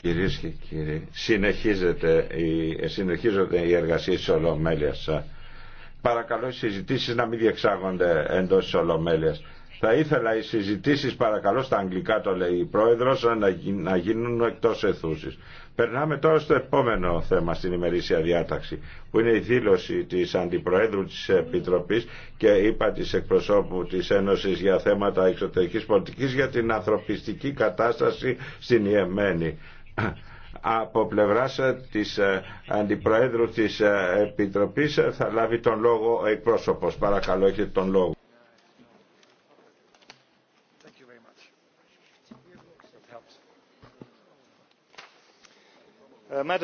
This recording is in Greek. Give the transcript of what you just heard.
Κυρίες και κύριοι, συνεχίζονται οι εργασίες της Ολομέλειας. Παρακαλώ οι συζητήσεις να μην διεξάγονται εντός της Ολομέλειας. Θα ήθελα οι συζητήσεις παρακαλώ στα αγγλικά το λέει η Πρόεδρος να γίνουν εκτός αιθούσης. Περνάμε τώρα στο επόμενο θέμα στην ημερήσια διάταξη που είναι η δήλωση της Αντιπροέδρου της Επιτροπής και είπα της εκπροσώπου της Ένωσης για θέματα εξωτερικής πολιτικής για την ανθρωπιστική κατάσταση στην Ιεμένη από πλευράς της Αντιπροέδρου της Επιτροπής θα λάβει τον λόγο ο εκπρόσωπος. Παρακαλώ έχετε τον λόγο very much. That helps.